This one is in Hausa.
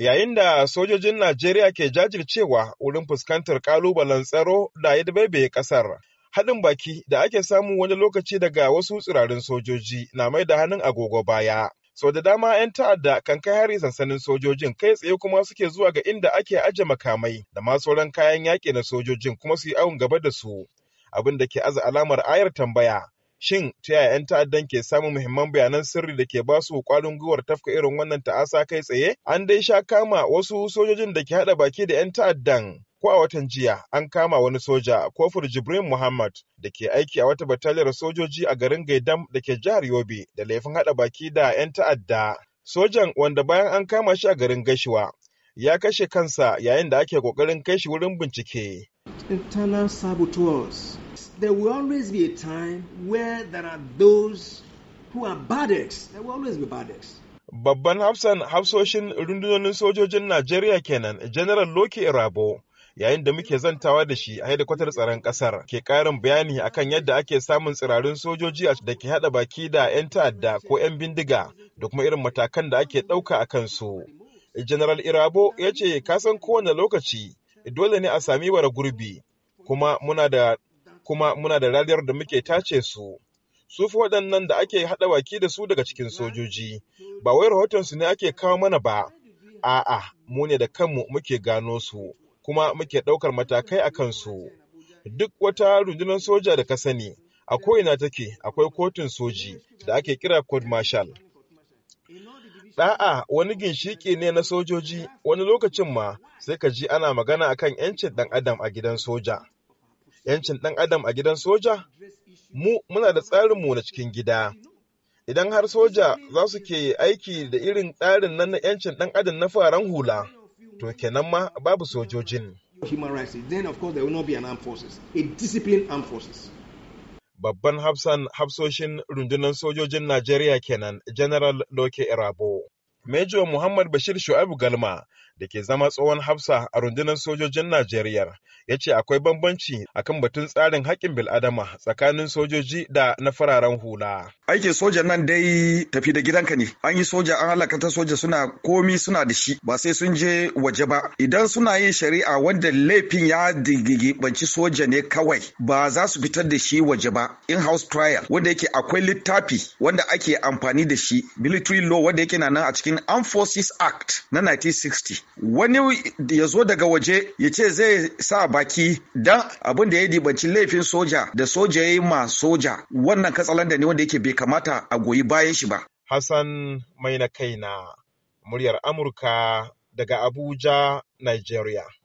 yayin da sojojin Najeriya ke jajircewa wurin fuskantar ƙalubalen tsaro da ya dabaibaye kasar. Haɗin baki da ake samu wani lokaci daga wasu tsirarin sojoji na mai da hannun agogo baya. Sau da dama 'yan ta'adda kan kai hari sansanin sojojin kai tsaye kuma suke zuwa ga inda ake aje makamai da ma sauran kayan yaƙi na sojojin kuma su yi awon gaba da su. Abin da ke aza alamar ayar tambaya Shin ta yaya 'yan ta'addan ke samun muhimman bayanan sirri da ke ba su kwarin gwiwar tafka irin wannan ta'asa kai tsaye? An dai sha kama wasu sojojin da ke haɗa baki da 'yan ta'addan. Ko a watan jiya an kama wani soja kofur Jibrin Muhammad da ke aiki a wata bataliyar sojoji a garin Gaidam da ke jihar Yobe da laifin haɗa baki da 'yan ta'adda. Sojan wanda bayan an kama shi a garin Gashiwa ya kashe kansa yayin da ake ƙoƙarin kai shi wurin bincike. Internal saboteurs there will always be a time where there are those who are bad eggs. There will always be bad eggs. Babban hafsan hafsoshin rundunonin sojojin Najeriya kenan, General Loki Irabo, yayin da muke zantawa da shi a hedikwatar tsaron kasar ke karin bayani akan yadda ake samun tsirarin sojoji da ke hada baki da 'yan ta'adda ko 'yan bindiga da kuma irin matakan da ake ɗauka a kansu. General Irabo ya ce kasan kowane lokaci dole ne a sami bara gurbi kuma muna da kuma muna da rariyar da muke tace su. Su fi waɗannan da ake haɗa waki da su daga cikin sojoji, ba wai rahotonsu ne ake kawo mana ba, a'a mu ne da kanmu muke gano su, kuma muke ɗaukar matakai a kansu. Duk wata rundunar soja da ka sani, a ko'ina take akwai kotun soji da ake kira court marshal. Da'a wani ginshiƙi ne na sojoji wani lokacin ma sai ka ji ana magana akan 'yancin ɗan adam a gidan soja. 'yancin ɗan adam a gidan soja? Mu muna da tsarinmu na cikin gida. Idan har soja za su ke aiki da irin tsarin nan na 'yancin ɗan adam na faran hula, to kenan ma babu sojojin. Babban hafsan hafsoshin rundunar sojojin Najeriya kenan, General Loke Irabo. Major Muhammad Bashir Shu'aibu Galma da ke zama tsohon hafsa a rundunar sojojin Najeriya ya ce akwai bambanci akan batun tsarin haƙƙin bil'adama tsakanin sojoji da na fararen hula. aikin soja nan dai tafi da gidanka ne an yi soja an halaka ta soja suna komi suna da shi ba sai sun je waje ba idan suna yin shari'a wanda laifin ya digibanci soja ne kawai ba za su fitar da shi waje ba in house trial wanda yake akwai littafi wanda ake amfani da shi military law wanda yake nan a cikin armed forces act na 1960 wani ya zo daga waje ya ce zai sa baki dan abin da ya dibanci laifin soja da soja ya ma soja wannan katsalan da ne wanda yake bai kamata a goyi bayan shi ba. Hassan mai na kaina, muryar Amurka daga Abuja, Nigeria.